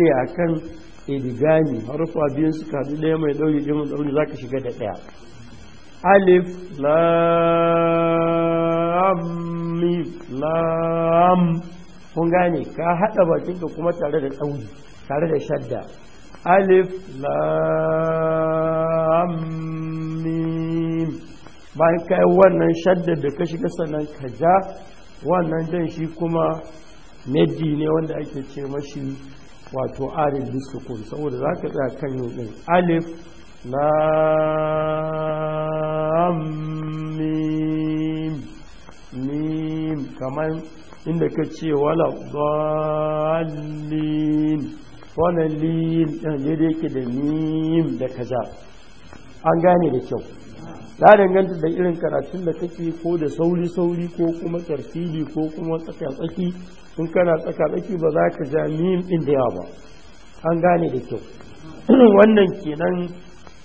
ce a kan idigami harufa biyun suka haɗu ɗaya mai ɗauri ɗaya mai ɗauri za ka shiga da ɗaya alif lam lam kun gane ka haɗa bakinka kuma tare da ɗauri tare da shadda alif lam bayan kai wannan shadda da ka shiga sannan ka ja wannan jan shi kuma meddi ne wanda ake ce mashi wato arin bisukun saboda za ka tsaya kan yin ɗin alif na mim mim kamar inda ka ce wala zalin wani lin ɗan yadda yake da mim da kaza an gane da kyau a danganta da irin karatun da kake ko da sauri-sauri ko kuma tarfili ko kuma tsaki. in kana tsaka tsaki ba za ka ja mim ɗin da yawa ba an gane da kyau wannan kenan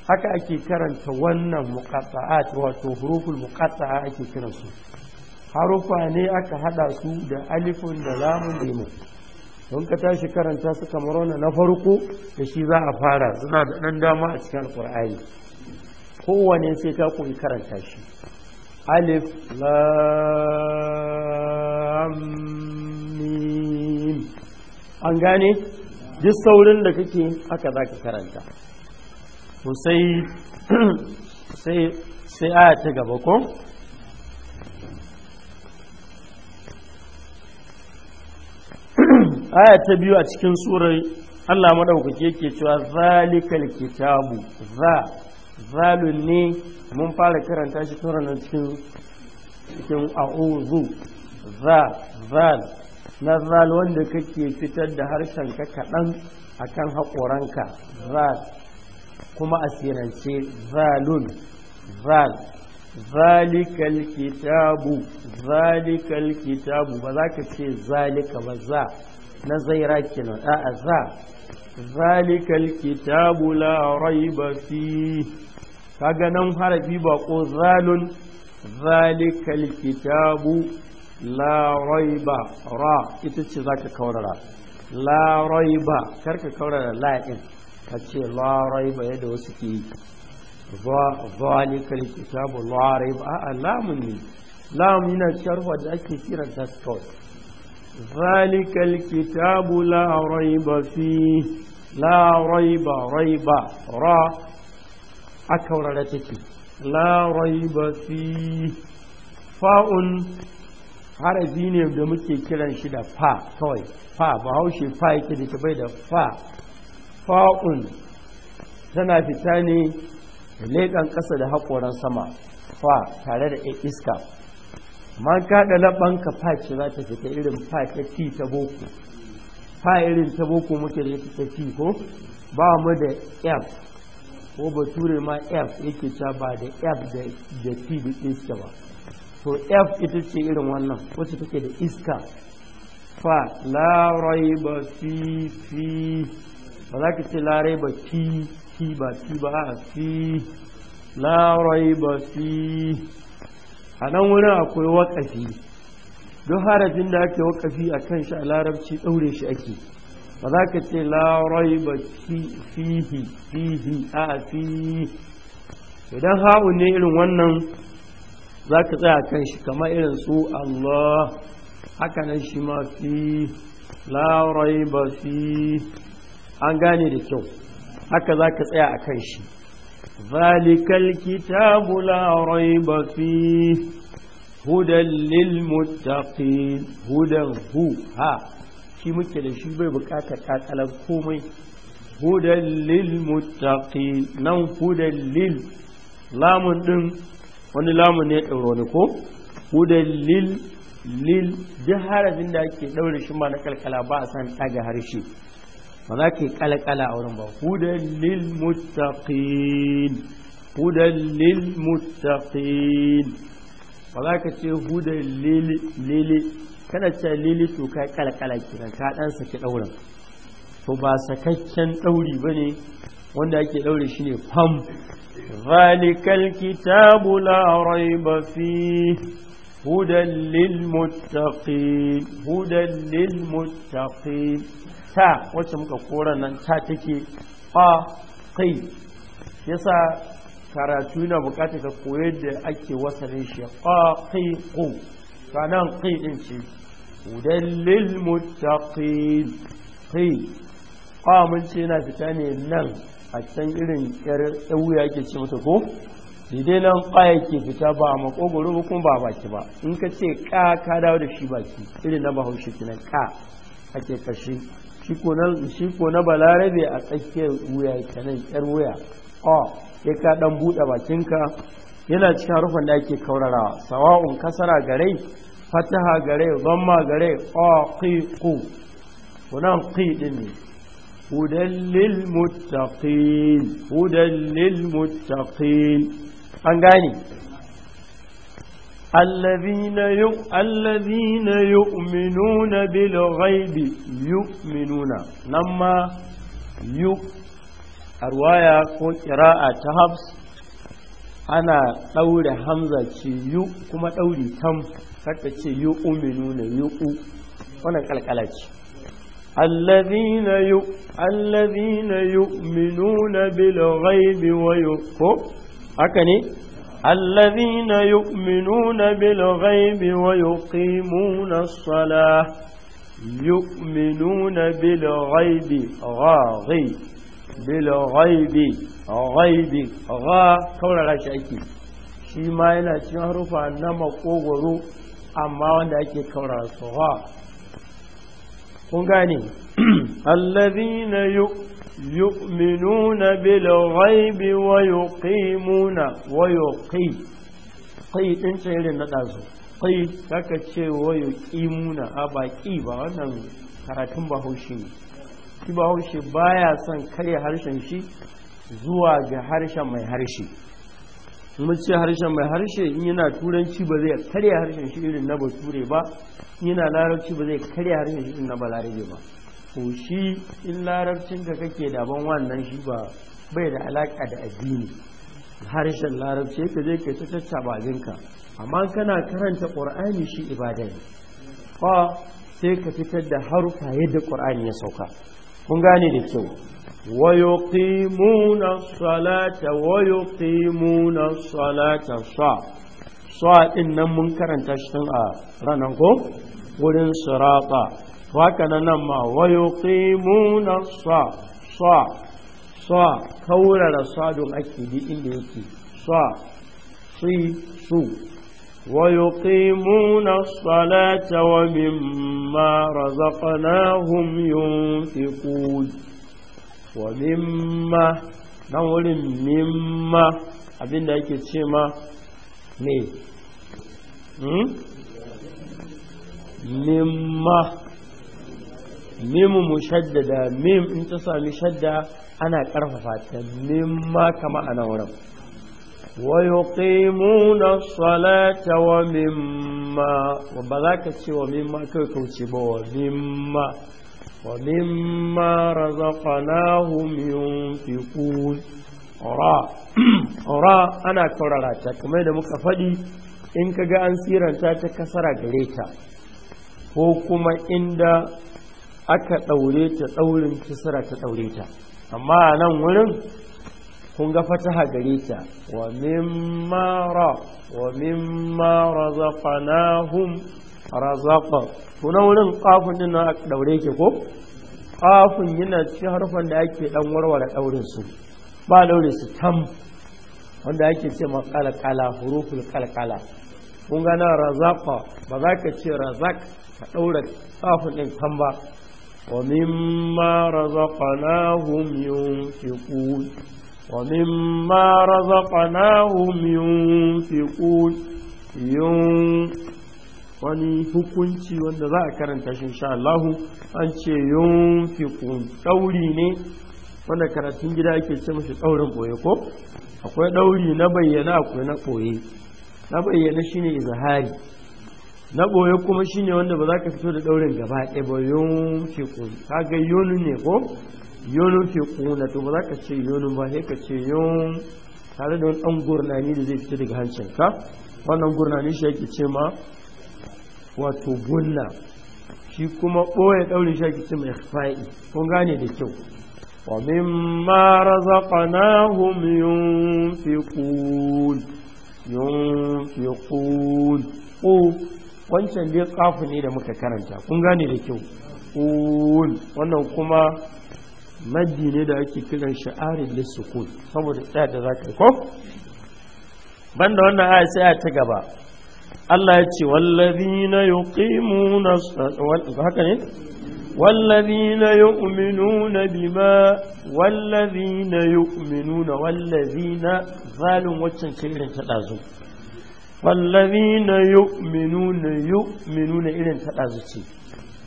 haka ake karanta wannan muqatta'at wato huruful muqatta'a ake kiransu harufa ne aka hada su da alifun da lamun da mu don ka tashi karanta su kamar wannan na farko da shi za a fara suna da dan dama a cikin alqur'ani kowane sai ka koyi karanta shi alif lam العالمين an gane duk saurin da kake haka za ka karanta to sai sai aya ta gaba ko aya ta biyu a cikin surar Allah maɗaukaki yake cewa zalikal kitabu za zalun ne mun fara karanta shi tsoron cikin cikin a'udhu za zal Na nazral wanda kake fitar da harshenka kaɗan a kan haƙoranka zal kuma a sirance zalun zal zalikal kitabu zalikal kitabu ba za ka ce zalika ba za na zaira kenan a za zalikal kitabu la raiba fi kaga nan harafi ba ko zalun zalikal kitabu la raiba ra ita ce za ka kaurara la raiba kar ka kaurara la ɗin ka ce la raiba yadda wasu ke yi zalikar kitabu la raiba a'a lamun ne lamun yana cikin da ake kiran ta kawai zalikar kitabu la raiba fi la raiba raiba ra a kaurara take la raiba fi fa'un harafi ne da muke kiran shi da fa kawai fa ba haushe fa yake da ta bai da fa fa'un tana fita ne da leƙan ƙasa da haƙoran sama fa tare da iska man kaɗa laɓanka fa ce za ta fita irin fa ta fi ta boko fa irin ta boko muke da ta fi ko ba mu da f ko bature ma f yake ta ba da f da fi da iska ba to f ita ce irin wannan wacce take da iska fa larai ba fi fi ba za ka ce larai ba fi fi ba fi ba a fi larai ba fi a nan wurin akwai wakafi duk harafin da ake wakafi a kan shi a larabci ɗaure shi ake ba za ka ce larai ba fi fi a fi idan ha'u ne irin wannan za ka tsaya kan shi kamar irin su Allah haka nan shi ma fi larai ba fi an gane da kyau haka za ka tsaya a kan shi zalikal kitabu larai ba fi hudan lilmuttaqin hudan hu ha shi muke da shi bai bukatar kakalar komai hudan lilmuttaqin nan hudan lil lamun din wani lamu ne ɗauro ne ko hudan lil lil duk harafin da ake ɗaure shi ma na kalkala ba a san ɗaga harshe ba za ka yi kalkala a wurin ba hudan lil muttaqin hudan lil muttaqin ba za ka ce hudan lili kana ce lili to ka kalkala nan ka dan saki ɗaurin to ba sakakken ɗauri ba ne wanda ake ɗaure shi ne fam ذلك الكتاب لا ريب فيه هدى للمتقين هدى للمتقين تا wacce muka kora nan ta take fa kai yasa karatu yana bukatar ka koyar da ake wasanin shi fa kai ku sanan kai din ce hudan lil muttaqin kai fa mun ce yana fita ne nan a can irin yar wuya ke ce mata ko daidai nan ƙwaya ke fita ba a makogoro ba kuma ba baki ba in ka ce ƙa ka dawo da shi baki irin na bahaushe nan ƙa ake kashe shi ko na balarabe a tsakiyar wuya nan yar wuya o ya ka dan buɗe bakinka yana cikin harufan da ake kaurarawa sawa'un kasara gare fataha gare zamma gare o ƙi ku ɗin ne هدى للمتقين هدى للمتقين أنقاني الذين الذين يؤمنون بالغيب يؤمنون لما يؤ أرواية قراءة تهبس أنا ɗaure hamza ce كما kuma تم فكتش يؤمنون يؤ yu uminu na yu الذين يؤ الذين يؤمنون بالغيب ويقوم أكني الذين يؤمنون بالغيب ويقيمون الصلاة يؤمنون بالغيب غاغي بالغيب غيب غا كورا غاشي أكي شي ما ينا تنهرف أنما قوغرو أما وانا أكي كورا صغار kun gane allazina yu'minuna bil ghaibi wa yuqimuna wa yuqi kai din ce irin na dazu kai kaka ce wa yuqimuna a baki ba wannan karatun bahaushe ne shi bahaushe baya son kare harshen shi zuwa ga harshen mai harshe mun ce harshen mai harshe in yana turanci ba zai karya harshen shi irin na bature ba in yana larabci ba zai karya harshen shi irin na balarabe ba to shi in larabcin da kake daban wannan shi ba bai da alaka da addini harshen larabci ka zai ke ta caccaba abinka amma kana karanta qur'ani shi ibada ne fa sai ka fitar da harufa yadda qur'ani ya sauka kun gane da kyau ويقيمون الصلاة ويقيمون الصلاة صا صا إن منكر تشتن رنكو ولن صراطا وكان نما ويقيمون الصا صا صا كورا صاد أكيد إليك صا صي صو ويقيمون الصلاة ومما رزقناهم ينفقون wa mimma nan wurin mimma abinda yake ce ma ne hmm? mimma mimu shaddada mim in ta sami shadda ana karfafa ta mimma kama ana wurin wa yuqimuna salata wa mimma ba za ka ce wa mimma kai kauce ba wa mimma ومما رزقناهم ينفقون ra ra ana taurara ta kamar da muka faɗi in ka ga an siranta ta kasara gare ta ko kuma inda aka ɗaure ta ɗaurin kisra ta ɗaure ta amma a nan wurin kun ga fataha gare ta wa mimma ra wa mimma razaqnahum razaqa kuna wurin kafin din na daure ke ko kafin yana cikin harfan da ake dan warware daurin su ba daure su tam wanda ake ce ma kala huruful kalkala kun gana na razaqa ba za ka ce razak ka daura kafin din tam ba wa mimma razaqnahum yunfiqun ومما رزقناهم ينفقون ينفقون wani hukunci wanda za a karanta shi insha Allah an ce yunfiqun dauri ne wanda karatun gida ake ce mashi daurin boye ko akwai dauri na bayyana akwai na boye na bayyana shine izhari na boye kuma shine wanda ba za ka fito da daurin gaba ɗaya ba yunfiqun kaga yunu ne ko yonu fiquna to ba za ka ce yonu ba sai ka ce yun tare da wani dan gurnani da zai fito daga hancinka wannan gurnani shi yake ce ma wato bulla, shi kuma ɓoye ɗaurin shaki ce mai fa'i kun gane da kyau wa mimma razaqnahum yunfiqun yunfiqun ko wancan dai kafu ne da muka karanta kun gane da kyau Kun. wannan kuma maddi ne da ake kiran sha'arin lissukun saboda tsaya da za ka ko banda wannan aya sai a ci gaba Allah ya ce wallazi na yi ƙimu na haka ne? wallazi na yi ƙuminu na bima wallazi na yi ƙuminu na wallazi na ce irin ta ɗazu wallazi na yi ƙuminu na yi ƙuminu irin ta ɗazu ce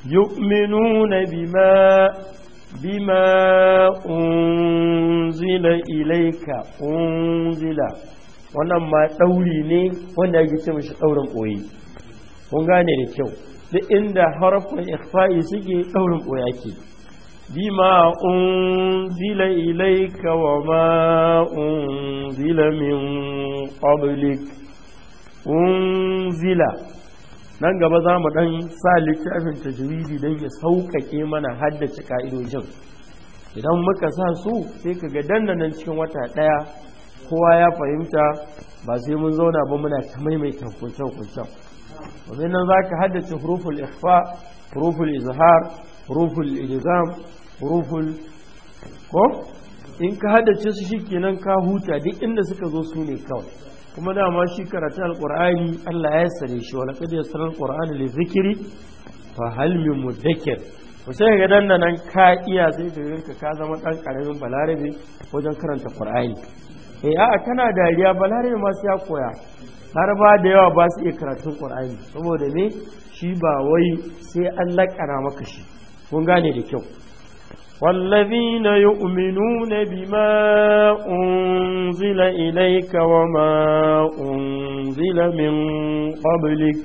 yi ƙuminu na bima bima ƙunzila ilaika ƙunzila wannan ma ɗauri ne wanda ya ce mashi ɗaurin ɓoye kun gane da kyau duk inda harafin ikhfa'i suke ɗaurin ɓoye ake ma unzila ilaika wa ma unzila min qablik unzila nan gaba za mu ɗan sa littafin tajwidi don ya sauƙaƙe mana haddace ka'idojin idan muka sa su sai ka ga dandanan cikin wata ɗaya kowa ya fahimta ba sai mun zauna ba muna ta maimaita hukuncen kuncen domin nan za ka haddace huruful ikhfa huruful izhar huruful ilizam huruful ko in ka haddace su shikenan ka huta duk inda suka zo su ne kawai kuma dama shi karatu alqur'ani Allah ya sare shi wala qad yasara alqur'ana li dhikri fa hal min mudakkir ko sai ga dan nan ka iya sai ka ka zama dan karamin balarabe wajen karanta qur'ani eh a'a kana dariya ba, balare masu ya koya har ba da yawa ba su iya karatun qur'ani saboda me shi ba wai sai an laƙana maka shi kun gane da kyau والذين يؤمنون بما أنزل إليك وما أنزل من قبلك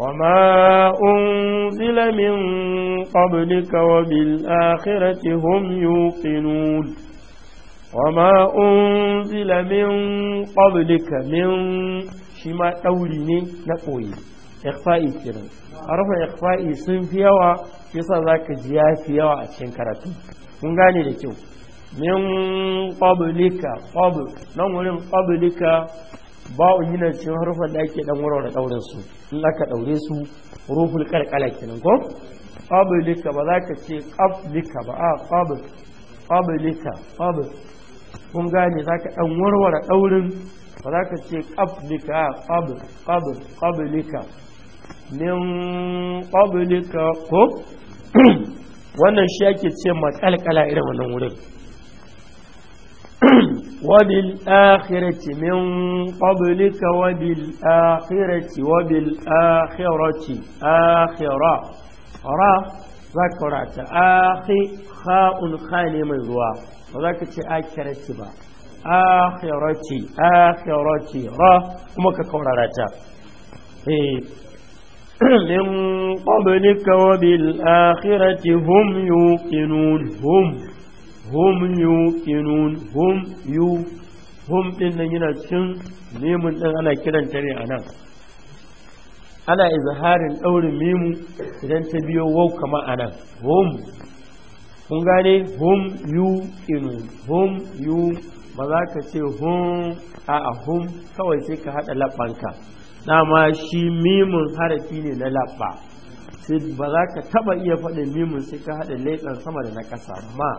وما أنزل من قبلك وبالآخرة هم يوقنون wama unzila min qablika min shi ma ɗauri ne na koyi ikhfa'i kiran harfin ikhfa'i sun fi yawa yasa zaka ji ya fi yawa a cikin karatu kun gane da kyau min qablika qabl nan wurin qablika ba'un yana cikin harfin da ake dan wurare daurin su in aka ɗaure su ruhul qalqala kenan ko qablika ba za ka ce qablika ba a qabl qablika qabl kun gane za ka ɗan warware daurin ba za ka ce qablika qabl qabl qablika min qablika ko wannan shi yake ce maƙalƙala irin wannan wurin وبالآخرة من قبلك وبالآخرة وبالآخرة آخرة را ذكرت آخي خاء خالي من زوا ba za ka ce akirati ba akhirati akhirati ra kuma ka kaurara ta eh. min qablika wa bil akhirati hum yuqinun hum hum yuqinun hum yu hum din nan yana cin nemin din ana kiran ta ne anan ana izharin daurin mimu idan ta biyo wau kama anan hum kun gane hum yu inu hum yu ba za ka ce hum a hum kawai sai ka haɗa labbanka dama shi mimin harafi ne na labba sai ba za ka taɓa iya faɗin mimin sai ka haɗa laifin sama da na ƙasa ma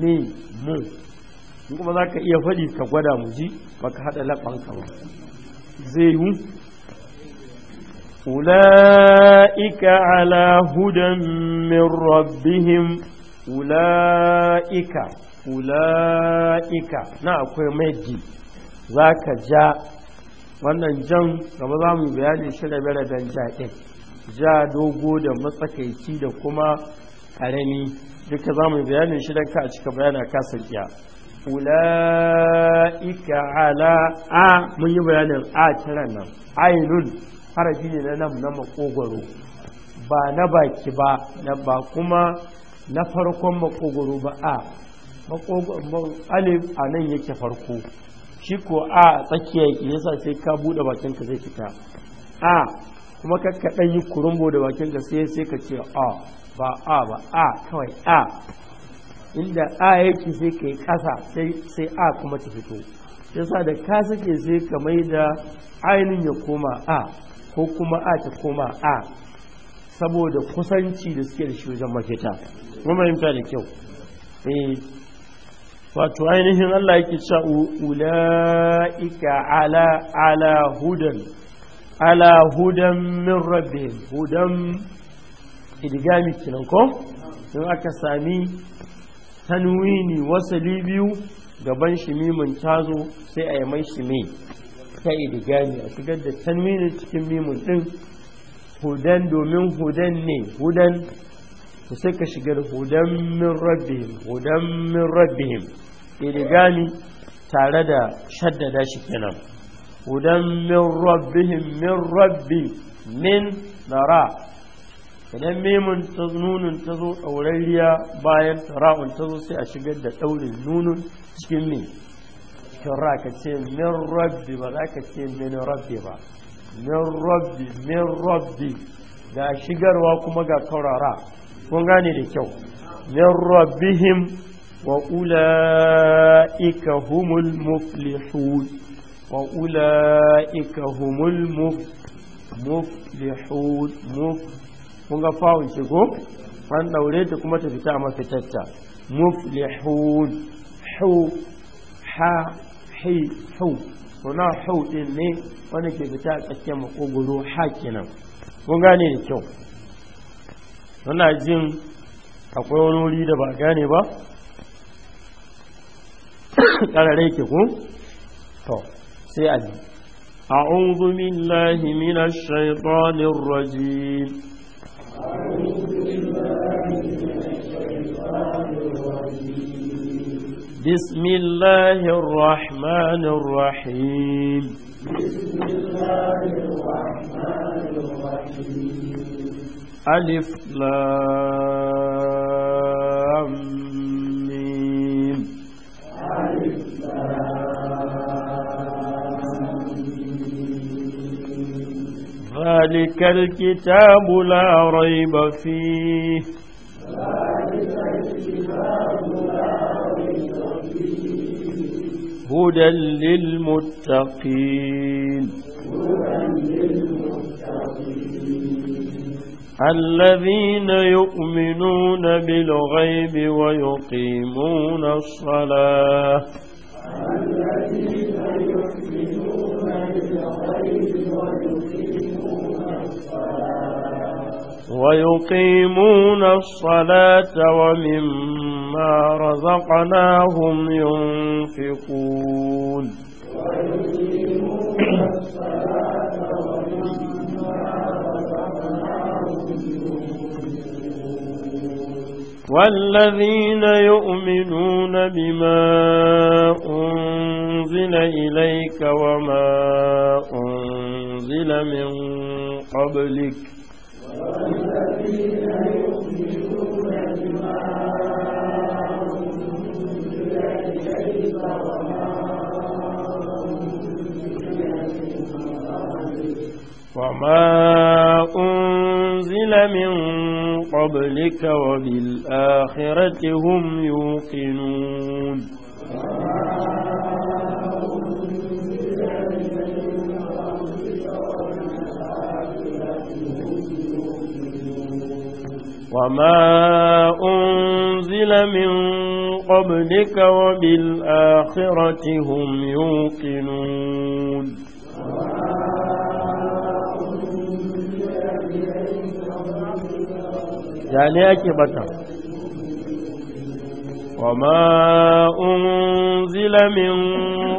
ne mu kuma za ka iya faɗi ka gwada mu ji ba ka haɗa labbanka ba zai yi أولئك على هدى من ربهم أولئك أولئك نعم مجي ذاك جاء wannan jan gaba za mu bayani shi da beraben jaɗin ja dogo da matsakaici da kuma ƙarami duka za mu bayanin shi ka a cika bayana kasar iya ula'ika ala a mun yi bayanin a kiran nan ainun harafi ne na nan na makogoro ba na baki ba ba kuma na farkon makogoro ba a alif a nan yake farko shi ko a tsakiya yake yasa sai ka buɗe bakinka zai fita a kuma ka kaɗan yi kurumbo da bakinka sai sai ka ce a ba a ba a kawai a inda a yake sai ka yi ƙasa sai a kuma ta fito yasa da ka sake sai ka mai da ainihin ya koma a ko kuma a ta koma a saboda kusanci da suke da shi wajen mafita kuma fahimta da kyau eh wato ainihin Allah yake cewa ula'ika ala ala hudan ala hudan min rabbi hudan idigami kinan ko in aka sami tanwini wasali biyu gaban shi mimin tazo sai a yi mai shi idigami a shigar da tanwini cikin mimun din hudan domin hudan ne hudan ku sai ka shigar hudan min rabbihim hudan min rabbihim idgami tare da shaddada shi kenan hudan min rabbihim min rabbi min nara idan mimun ta nunun ta zo ɗaurariya bayan ra'un ta zo sai a shigar da ɗaurin nunun cikin min cikin ka ce min rabbi ba za ka ce min rabbi ba min rabbi min rabbi ga shigarwa kuma ga kaurara kun gane da kyau min rabbihim wa ula'ika humul muflihun wa ula'ika humul muflihun muf kun ga fawon ce ko an daure ta kuma ta fita a mafitatta muflihun hu ha hau hu hau hu din ne wani ke fita a tsakiyar makogoro ha nan kun gane da kyau suna jin akwai wani wuri da ba gane ba ƙararai ke kun to sai a ji أعوذ بالله من الشيطان الرجيم أعوذ بالله من بسم الله الرحمن الرحيم ألف لام ميم ذلك الكتاب لا ريب فيه ذلك الكتاب هدى للمتقين الذين يؤمنون بالغيب ويقيمون الصلاة ويقيمون الصلاة ومما ومما رزقناهم ينفقون والذين يؤمنون بما أنزل إليك وما أنزل من قبلك والذين يؤمنون وما أنزل من قبلك وبالآخرة هم يوقنون وما أنزل من قبلك وبالآخرة هم يوقنون ya ne yake unzila وما أنزل من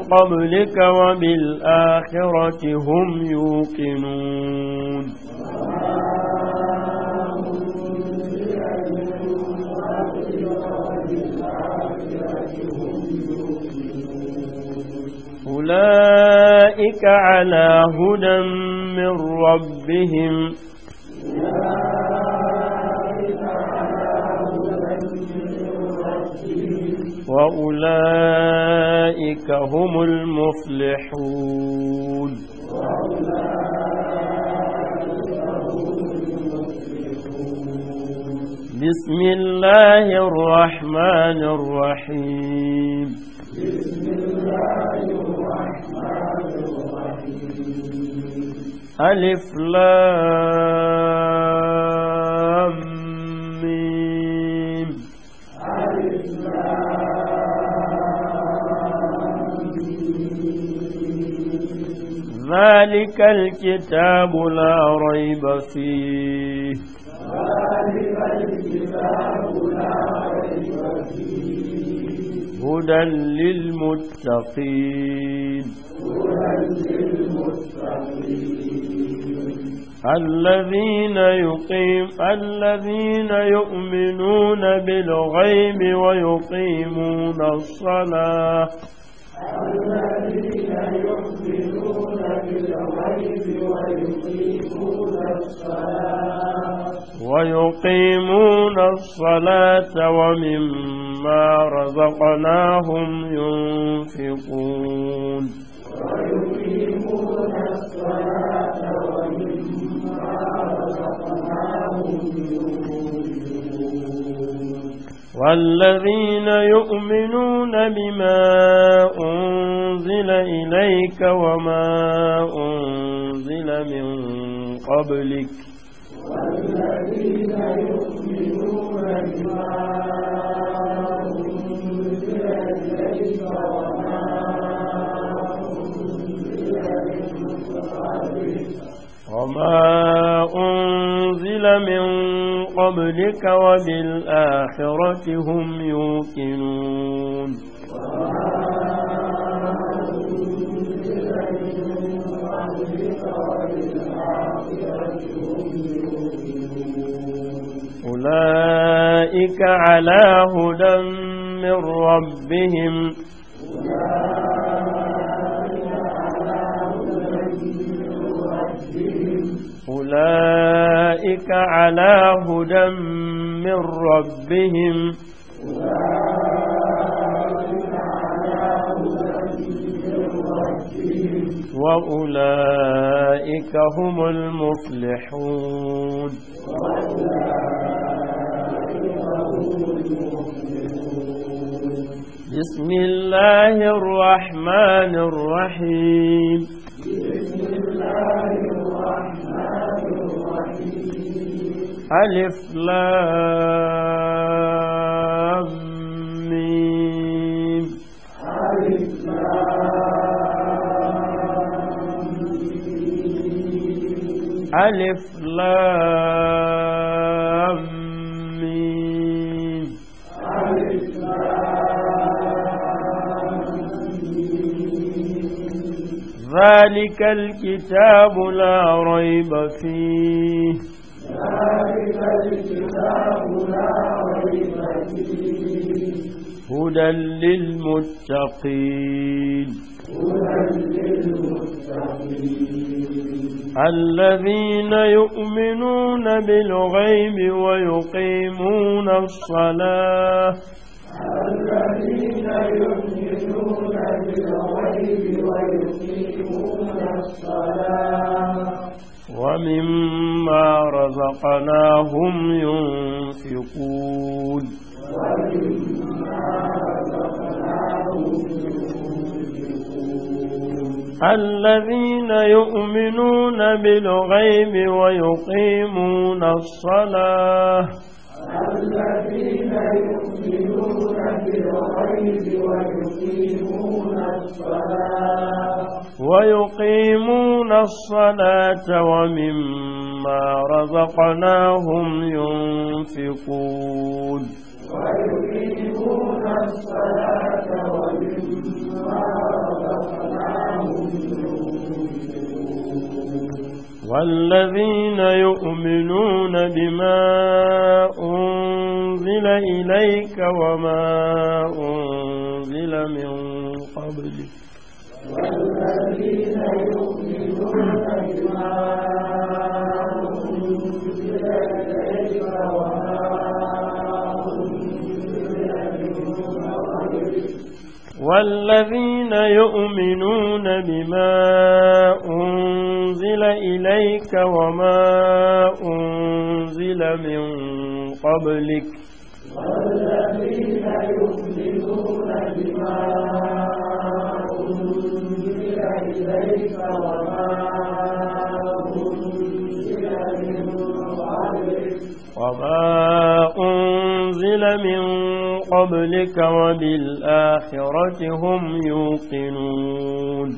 قبلك وبالآخرة هم يوقنون أولئك على هدى من ربهم أولئك وأولئك هم المفلحون بسم الله الرحمن الرحيم بسم الله الرحمن الرحيم ألف لام ذلك الكتاب لا ريب فيه ذلك الكتاب لا ريب فيه هدى للمتقين هدى للمتقين الذين يقيم الذين يؤمنون بالغيب ويقيمون الصلاة الذين يؤمنون ويقيمون الصلاة ومما رزقناهم ينفقون ويقيمون الصلاة ومما رزقناهم ينفقون والذين يؤمنون بما أنزل إليك وما أنزل من قبلك والذين يؤمنون بما وما أنزل من قبلك وبالآخرة هم يوقنون أولئك على هدى من ربهم أولئك على هدى من ربهم وأولئك هم المفلحون وأولئك بسم الله الرحمن الرحيم الله ألف لام ميم ألف لام ألف لام ذلك الكتاب لا ريب فيه ذلك الكتاب لا ريب فيه هدى للمتقين هدى للمتقين الذين يؤمنون بالغيب ويقيمون الصلاة الذين يؤمنون بالغيب ويقيمون ومما رزقناهم ينفقون الذين يؤمنون بالغيب ويقيمون الصلاة الذين يؤمنون بالغيب ويقيمون الصلاة ويقيمون الصلاة ومما رزقناهم ينفقون ويقيمون الصلاة ومما والذين يؤمنون بما أنزل إليك وما أنزل من قبلك والذين يؤمنون بما أنزل إليك وما والذين يؤمنون بما أنزل إليك وما أنزل من قبلك والذين يؤمنون بما أنزل إليك وما وما أنزل من قبلك وبالآخرة هم يوقنون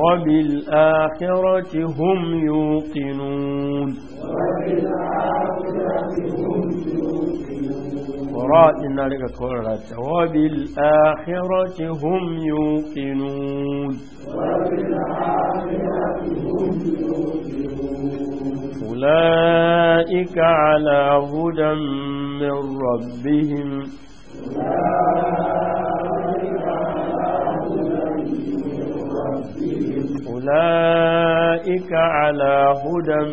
وبالآخرة هم يوقنون وبالآخرة هم يوقنون الأخرى إن لك كرة وبالآخرة هم يوقنون وبالآخرة هم يوقنون أولئك على هدى من ربهم أولئك على هدى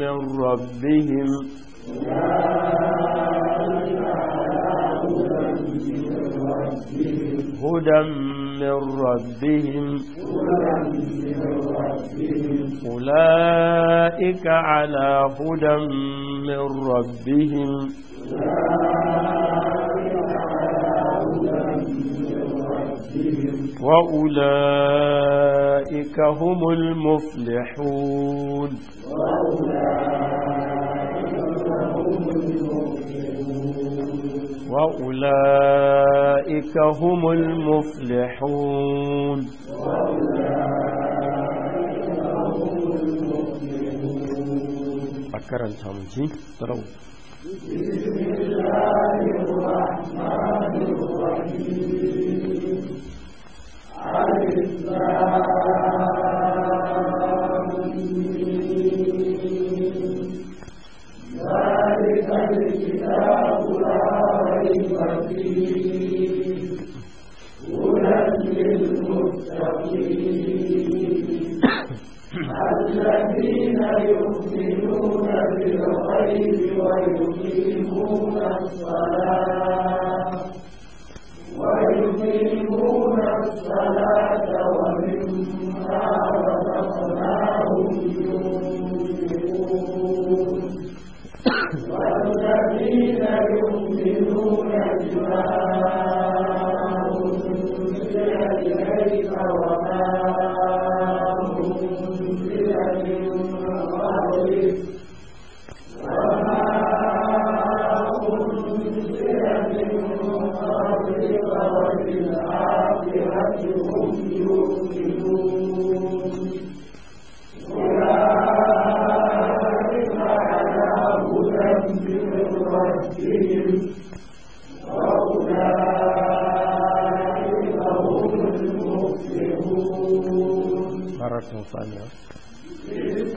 من ربهم هدى من ربهم أولئك على هدى من ربهم وأولئك هم المفلحون وأولئك وأولئك هم المفلحون أكرم سامجي تروا بسم الله الرحمن الرحيم personal fund though. Yes.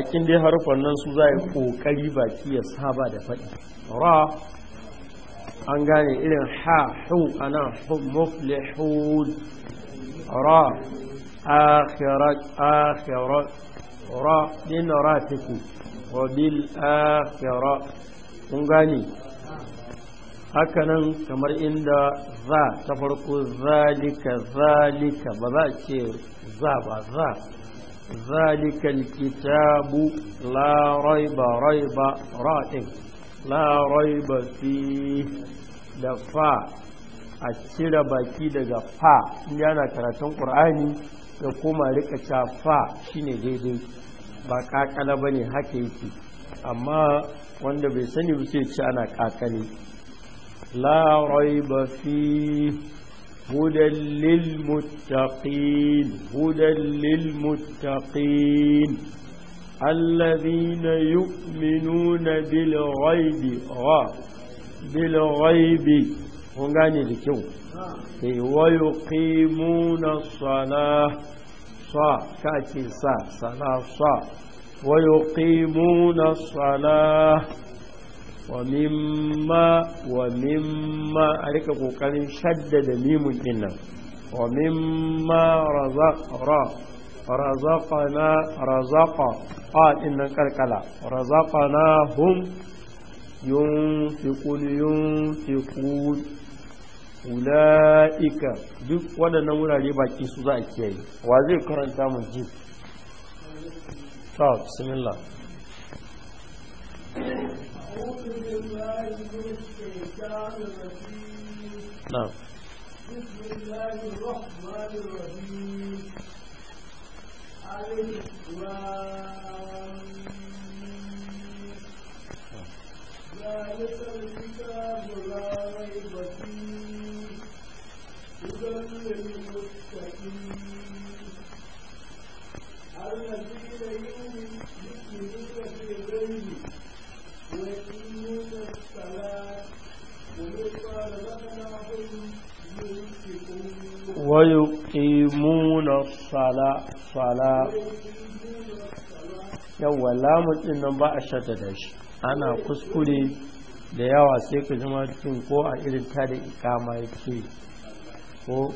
bakin dai harufan nan su za a yi ƙoƙari baki ya saba da faɗi ra an gane irin ha hu ana muflihun ra akhirat ra din ratiku wa bil akhira kun gane haka nan kamar inda za ta farko zalika zalika ba za a ce za ba za ذلك الكتاب لا ريب ريب رائب لا ريب فيه دفاع a baki daga fa yana karatun ƙur'ani da kuma rika ca fa shine daidai ba kakala ba ne haka yake amma wanda bai sani ba sai ce ana kakale la raiba fi هدى للمتقين هدى للمتقين الذين يؤمنون بالغيب غا آه، بالغيب آه. إيه، ويقيمون الصلاة صا كاتي صا صلاة صا ويقيمون الصلاة wa mimma wa mimma a rika kokarin da mimun dinnan wa mimma razaqra razaqana razaqa a din nan karkala razaqana hum yun yunfiqun ulaika duk waɗannan wurare baki su za a kiyaye wa zai karanta mu ji ta bismillah نعم بسم الله الرحمن الرحيم عليه ذلك الكتاب لا ريب فيه هدى للمتقين ويقيمون الصلاة صلاة yawa lamun din nan ba a shaddada shi ana kuskure da yawa sai ka jima cikin ko a irin ta da ikama yake ko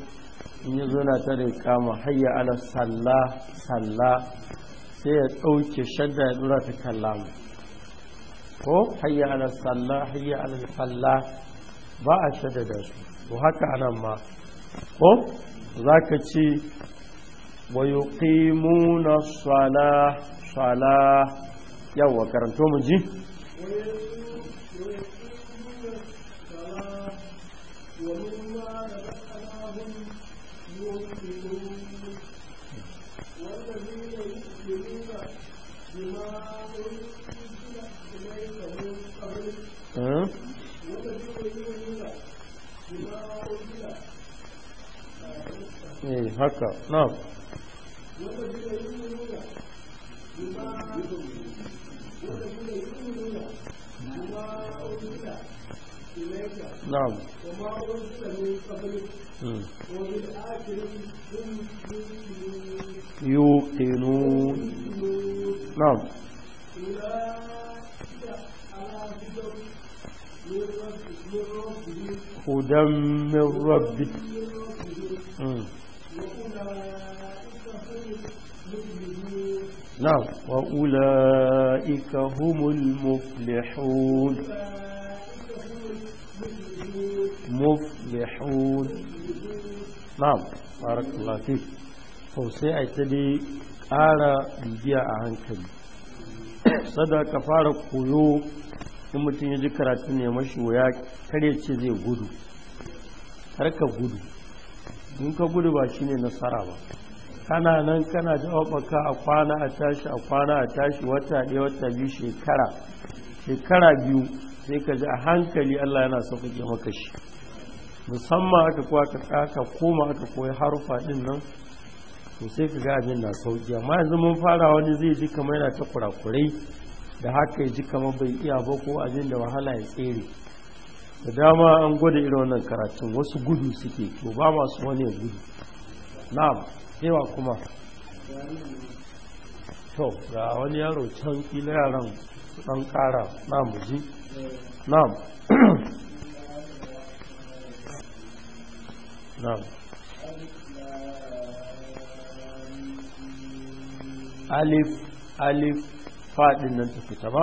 in yi zona ta da ikama hayya ala salla salla sai ya ɗauke shadda ya dura ta kan ko hayya ala salla hayya ala salla ba a shaddada su to haka anan ma ko za ka ce wa yuqimuna sala sala yawa karanto mu ji Huh? eh haka na نعم وما أرسل من قبلك وبالآخرة هم يوقنون نعم أولئك على هدى من ربهم هدى من ربك نعم وأولئك هم المفلحون مفلحون نعم بارك الله فيك to sai a ta dai ƙara bibiya a hankali sada fara koyo in mutum ya ji karatu ne mashi waya kare ce zai gudu har ka gudu in ka gudu ba shi ne nasara ba kana nan kana jawabaka a kwana a tashi a kwana a tashi wata ɗaya wata biyu shekara shekara biyu sai ka ji a hankali Allah yana sauƙaƙe maka shi musamman aka kuwa aka koma aka koyi harufa ɗin nan to sai ka ga abin na sauƙi amma yanzu mun fara wani zai ji kamar yana ta kurakurai da haka ya ji kamar bai iya ba ko abin da wahala ya tsere da dama an gwada irin wannan karatun wasu gudu suke to ba masu wani gudu na'am yawa kuma to ga wani yaro can kila yaran dan kara na'am ji na'am alif alif fadin nan ta fita ba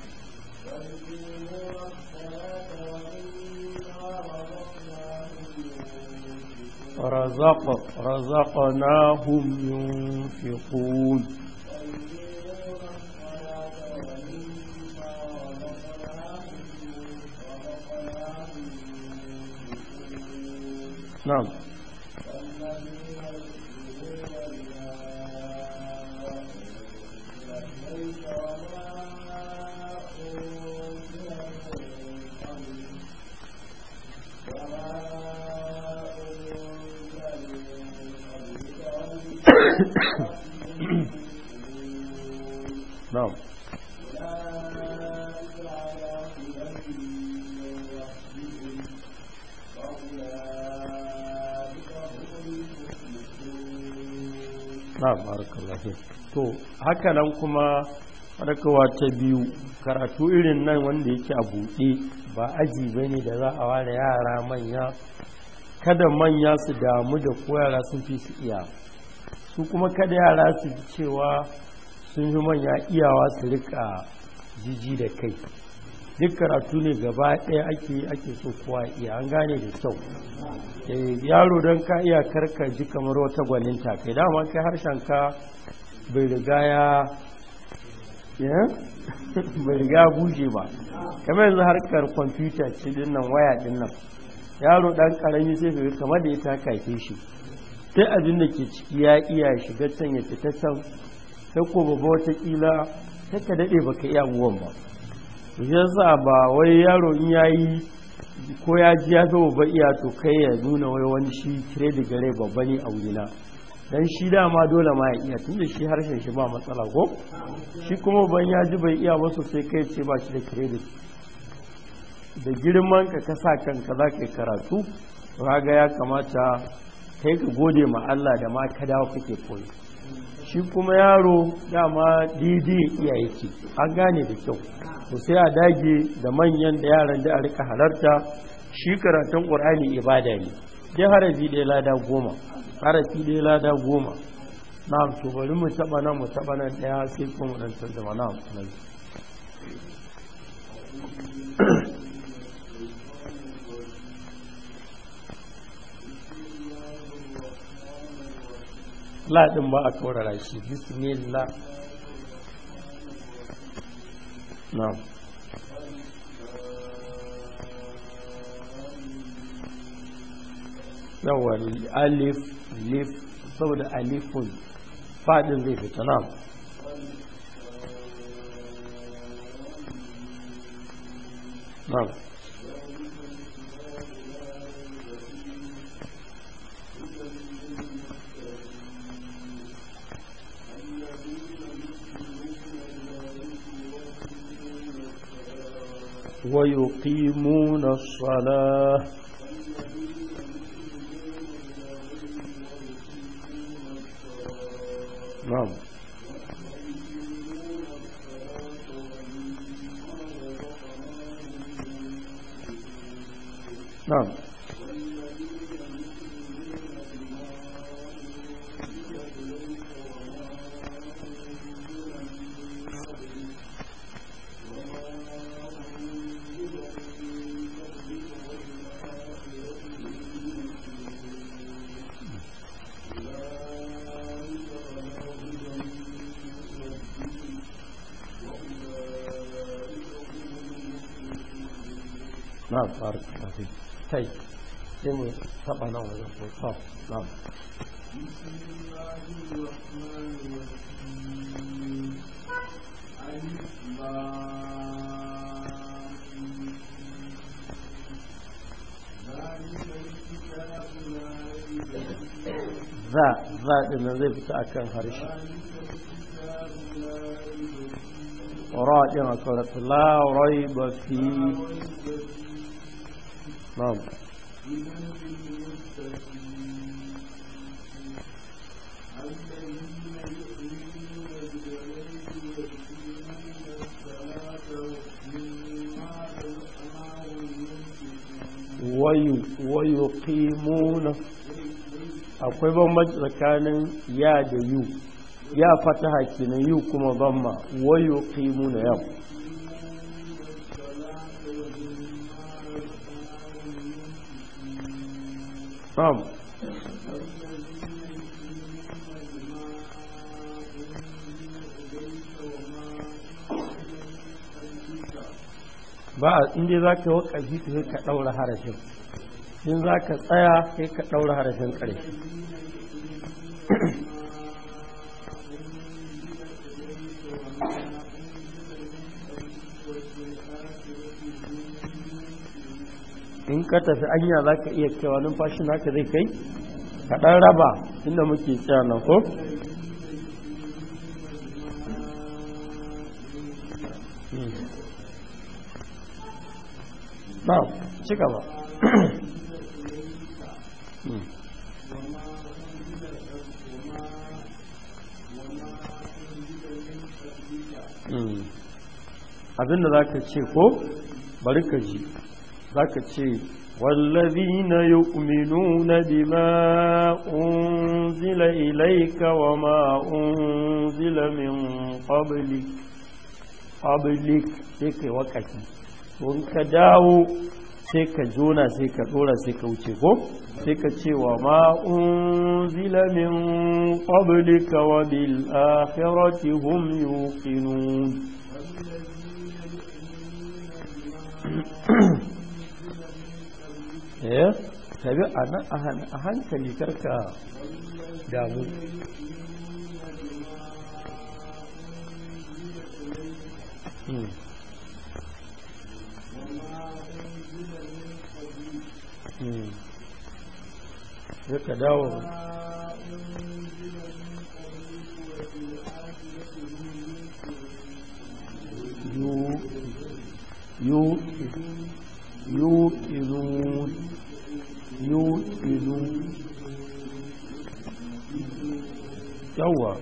رزق رزقناهم ينفقون نعم نعم to haka nan kuma harkawa ta biyu karatu irin nan wanda yake a buɗe ba aji bane da za a ware yara manya kada manya su damu da koyara sun fi su iya su kuma kada yara su ji cewa sun yi manya iyawa su rika jiji da kai duk karatu ne gaba ɗaya ake ake so kowa iya an gane da kyau eh, yaro don ka iya karka ji kamar wata gwaninta kai dama kai harshen ka bai riga ya eh, bai riga buje ba kamar yanzu harkar kwamfuta ce dinnan waya dinnan yaro ɗan ƙarami sai fi kamar da ita kake shi sai abin da ke ciki ya iya shiga can ya fita can ta ko babba watakila ta ka daɗe ba ka iya abubuwan ba yasa ba wai yaro in ya yi ko ya ji ya zama ba iya to kai ya nuna wai wani shi kire da gare babba ne a wurina dan shi dama dole ma ya iya tun da shi harshen shi ba matsala ko shi kuma ban ya ji bai iya wasu sai kai ce ba shi da credit da girman ka kasa kanka za ka yi karatu raga ya kamata kai ka gode ma Allah da ma ka dawo kake koyi shi kuma yaro dama didi iya ce an gane da kyau to sai a dage da manyan da yaran da a rika halarta shi karatun qur'ani ibada ne dai harafi ɗaya lada goma harafi ɗaya lada goma na to bari mu taɓa nan mu taɓa nan ɗaya sai kuma ɗan canza na la din ba a kaurara shi bismillah na'am yawa alif lif saboda alifun fadin zai fita na'am na'am ويقيمون الصلاة نعم نعم faɗin nan zai fita a kan harshe ra'adin a tsoratu larai ba fi nam ويقيمون akwai bambanci tsakanin ya da yu ya fataha kenan yu kuma bamma wayo kimu na yau ba a inda za ka wakafi ka ka ɗaura harafin in za ka tsaya sai ka ɗaura harafin ƙare in ka tafi anya za ka iya cewa numfashin naka zai kai ka ɗan raba inda muke tsaya nan ko ba hmm. ci gaba abinda za ka ce ko bari ka ji za ka ce wallafi na yi umenu na zila ilaika wa ma'un zila min fabulik fabulik sai ka yi wakaki dawo sai ka jona sai ka tsora sai ka wuce ko sai ka ce wa ma'un zila min fabulika wa bil'afirati hum yukinu eh tabi a nan a hankali karka damu zai hmm. hmm. ka dawo يوئذون يوئذون يوئذون يوا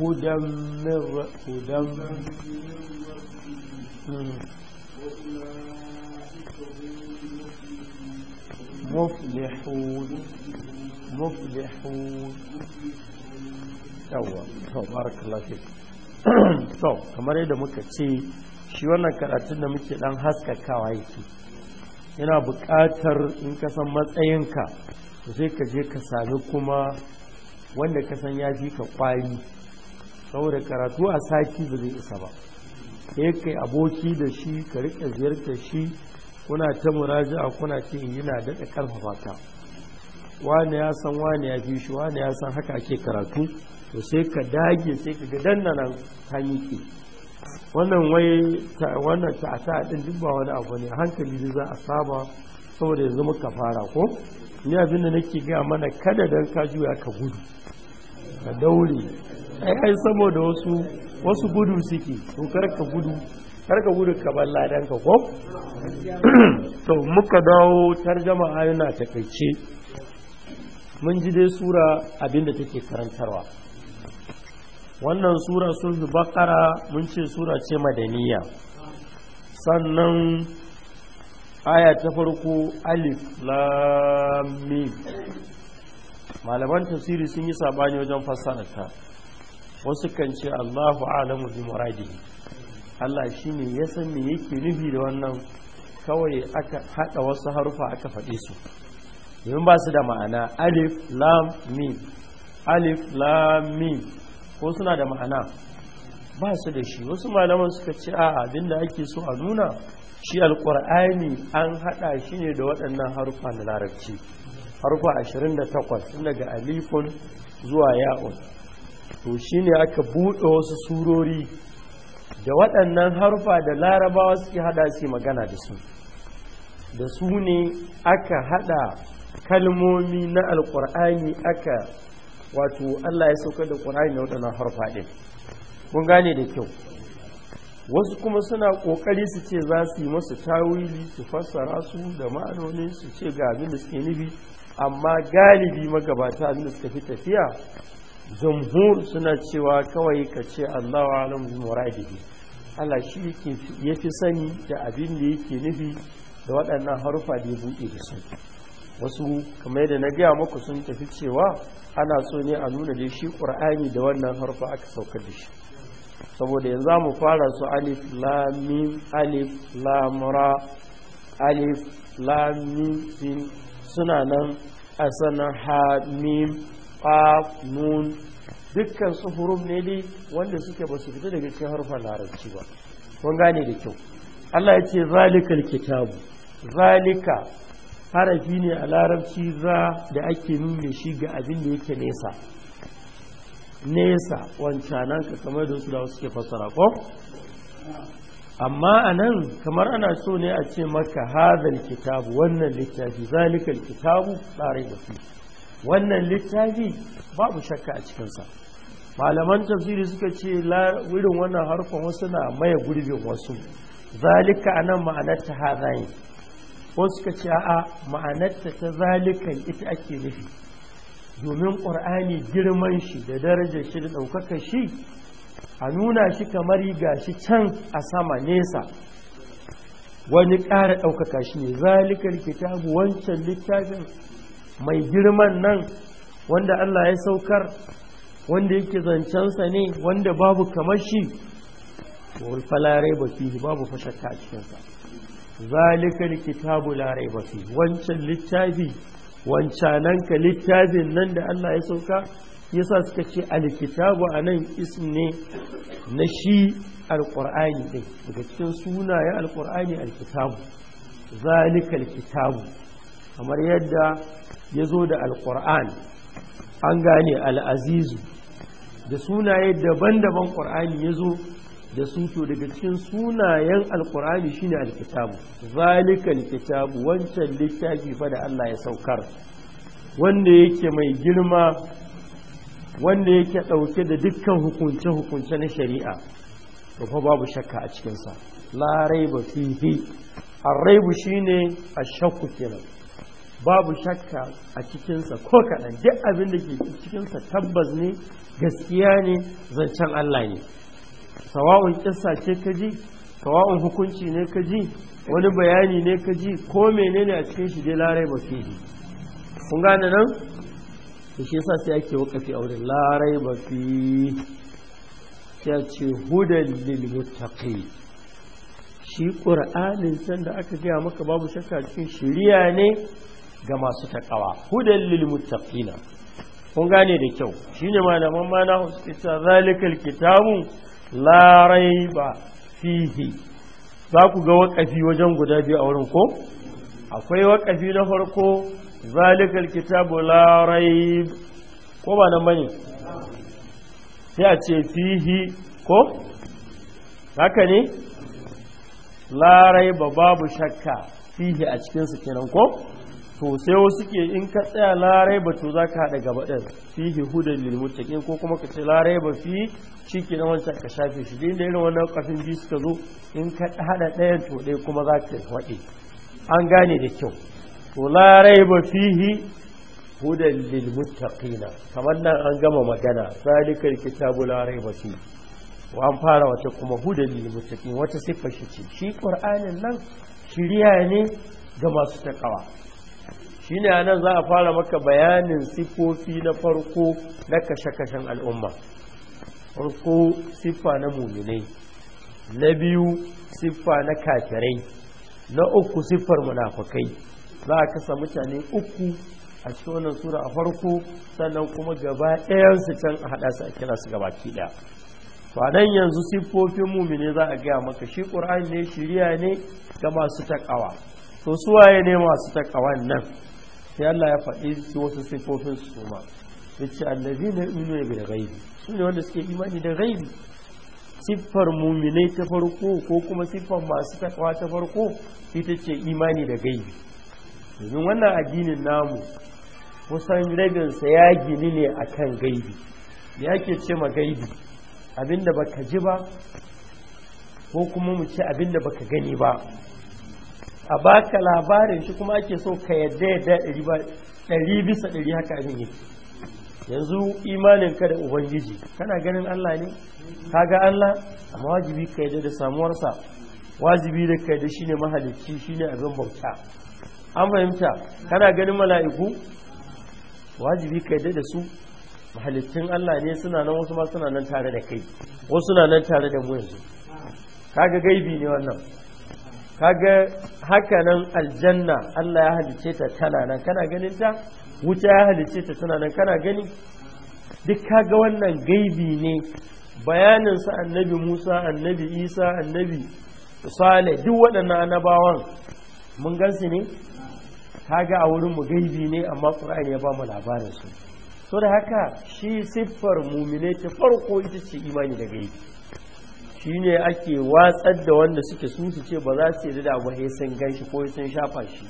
أدمر أدمر مفلحون مفلحون yawwa to barakallahu to kamar yadda muka ce shi wannan karatun da muke dan haskakawa yake yana buƙatar in ka san matsayinka to sai ka je ka sami kuma wanda ka san ya fi ka kwari saboda karatu a sati ba zai isa ba sai kai aboki da shi ka rika ziyartar shi kuna ta a kuna ce yana daɗa ƙarfafa ka wani ya san wani ya fi shi wani ya san haka ake karatu to sai ka dage sai ka gadan nan hanyi wannan wai wannan ta din duk ba wani abu ne hankali da za a saba saboda yanzu muka fara ko ni abin da nake ga mana kada dan ka juya ka gudu ka daure ai ai saboda wasu wasu gudu suke to kar ka gudu kar ka gudu ka balla dan ka ko to muka dawo tarjama ayuna takaice. mun ji dai sura abinda take karantarwa wannan sura fi bakara mun ce sura ce madaniya sannan aya ta farko alif lamim malaman tafsiri sun yi sabani wajen fassararta wasu kan ce allahu alamu bi muradi allah shine ya san me yake nufi da wannan kawai aka hada wasu harufa aka faɗe su domin ba su da ma'ana alif lam mim alif lam mim ko suna da ma'ana ba su da shi wasu malaman suka ce a abin da ake so a nuna shi alkur'ani an haɗa shi ne da waɗannan harufa na larabci harufa 28 daga alifun zuwa ya'un to shi ne aka buɗe wasu surori da waɗannan harufa da larabawa suke haɗa su magana da su da su ne aka haɗa kalmomi na alkur'ani aka wato Allah ya saukar da ƙur'ani na waɗannan harfa ɗin mun gane da kyau wasu kuma suna ƙoƙari su ce za su yi masu tawili su fassara su da ma'anoni su ce ga abin da suke nufi amma galibi magabata abin da suka fi tafiya jamhur suna cewa kawai ka ce Allah wa alam muradihi Allah shi yake yafi sani da abin da yake nufi da waɗannan harufa da ya buɗe da su wasu kamar da na gaya muku sun tafi cewa ana so ne a nuna da shi ƙura'ani da wannan harfa aka saukar da shi saboda yanzu za mu fara su alif lamin alif lamura alif lamin sin suna nan a sanan hamim nun dukkan su ne ne wanda suke ba su fita daga cikin harfa larabci ba kun gane da kyau Allah ya ce zalikal kitabu zalika harafi ne a larabci za da ake nuna shi ga abin da yake nesa nesa wancanan ka kamar da su da wasu ke fasara ko amma a nan kamar ana so ne a ce maka hadal kitabu wannan littafi zalikal kitabu tsare da su wannan littafi babu shakka a cikinsa malaman tafsiri suka ce wurin wannan harkon wasu na maye gurbin wasu zalika a nan ma'anar ta hadayin wasu ka ce a'a ma'anarta ta zalikan ita ake nufi domin ƙur'ani girman shi da darajar shi da ɗaukaka shi a nuna shi kamar ga shi can a sama nesa wani ƙara ɗaukaka shi ne zalikar kitabu wancan littafin mai girman nan wanda Allah ya saukar wanda yake zancensa ne wanda babu kamar shi wani falare ba babu fashaka a cikinsa zalikal kitabu larai raiba fi wancan littafi wancananka littafin nan da Allah ya sauka yasa suka ce alkitabu anan ism ne na shi alqur'ani din daga cikin sunayen alqur'ani alkitabu zalikal kitabu kamar yadda ya zo da alqur'an an gane al'azizu da sunaye daban-daban ƙur'ani ya zo da su daga cikin sunayen alkur'ani shine alkitabu zalika kitabu wancan littafi fa da Allah ya saukar wanda yake mai girma wanda yake ɗauke da dukkan hukunce hukunce na shari'a to fa babu shakka a cikin sa la raiba fihi Arraibu shine ashakku shakku kenan babu shakka a cikinsa ko kaɗan duk abin da ke cikinsa tabbas ne gaskiya ne zancen Allah ne sawa'un kissa ce ka ji sawa'un hukunci ne ka ji wani bayani ne ka ji ko menene a cikin shi dai larai ba fi kun gane nan da shi yasa sai ake wakafi a wurin larai ba fi ya ce hudan lil muttaqi shi qur'anin san da aka gaya maka babu shakka cikin shiriya ne ga masu takawa hudan lil muttaqina kun gane da kyau shine malaman mana suke ita zalikal kitabu la raiba fihi za ku ga waƙafi wajen guda biyu a wurin ko akwai waƙafi na farko zalikar kitabu la ko ba nan bane sai a ce fihi ko haka ne la raiba babu shakka fihi a cikin su kenan ko to sai wasu ke in ka tsaya larai ba to za ka haɗa gaba ɗin fihi hudan ko kuma ka ce larai ba fi shi ke na wancan ka shafe shi da irin wannan kafin biyu suka zo in ka haɗa ɗayan to ɗaya kuma za ka waɗe an gane da kyau to larai ba fihi hudan lil kamar nan an gama magana zalikal kitabu larai ba fi wa an fara wata kuma hudan lil wata siffar shi ce shi ƙur'anin nan shiriya ne ga masu taƙawa. shine nan za a fara maka bayanin sifofi na farko na kashe-kashen al'umma farko siffa na muminai na biyu siffa na kafirai na uku siffar munafukai za a kasa mutane uku a cikin wannan sura a farko sannan kuma gaba ɗayansu can a haɗa su a kira su gaba ɗaya fadan yanzu siffofin mumine za a gaya maka shi ƙur'ani ne shirya ne ga masu takawa to suwaye ne masu takawan nan sai Allah ya faɗi wasu sifofin su ma yace ya yu'minuna bil su sune wanda suke imani da gaibi siffar muminai ta farko ko kuma siffar masu takawa ta farko ita ce imani da gaibi domin wannan addinin namu kusan rabinsa ya gini ne a kan gaibi ya ke ce ma gaibi abinda baka ji ba ko kuma mu ce abinda baka gani ba a baka labarin shi kuma ake so ka yadda yadda ɗari bisa ɗari haka abin yi yanzu imanin ka da ubangiji kana ganin Allah ne ka ga Allah amma wajibi ka yadda da samuwarsa wajibi da ka yadda shine mahalicci shine abin bauta an fahimta kana ganin mala'iku wajibi ka yadda da su mahalittun Allah ne suna nan wasu ma suna nan tare da kai wasu suna nan tare da mu yanzu kaga gaibi ne wannan kaga hakanan aljanna Allah ya halice ta tana nan kana ganin ta wuta ya halice ta tana nan kana gani duk kaga wannan gaibi ne bayanin sa annabi Musa annabi Isa annabi Saleh duk waɗannan annabawan mun gansu ne kaga a wurin mu gaibi ne amma Qur'ani ya ba mu labarin su To da haka shi siffar mumine ta farko ita ce imani da gaibi Shi shine ake watsar da wanda suke su su ce ba za su yi da abu sai ganshi ko sun shafa shi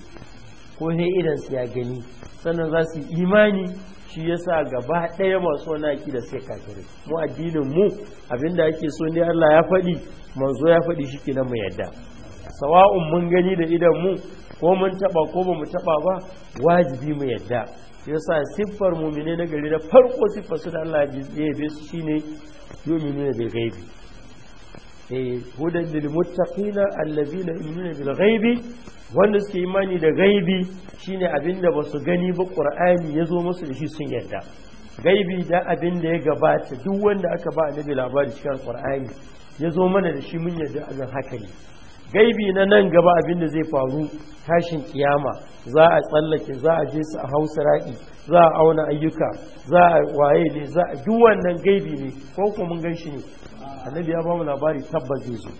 ko sai idan su ya gani sannan za su imani shi yasa gaba ɗaya masu wani aki da sai kafirai mu addinin mu abinda ake so ne Allah ya faɗi manzo ya faɗi shi nan mu yadda sawa'un mun gani da idan mu ko mun taɓa ko ba mu taɓa ba wajibi mu yadda sa siffar mu mumine na gari da farko siffar su da Allah ya yabe su shine yuminu da gaibi Eh, hudan lilmuttaqina allazina yu'minuna bil ghaibi wanda suke imani da gaibi shine abinda basu gani ba qur'ani yazo musu da shi sun yarda gaibi da abinda ya gabata duk wanda aka ba annabi labari cikin qur'ani yazo mana da shi mun yarda azan haka ne gaibi na nan gaba abinda zai faru tashin kiyama za a tsallake za a je su a hausa ra'i za a auna ayyuka za a waye ne za a duk wannan gaibi ne ko kuma mun gan shi ne annabi ya ba mu labari tabbas zai zo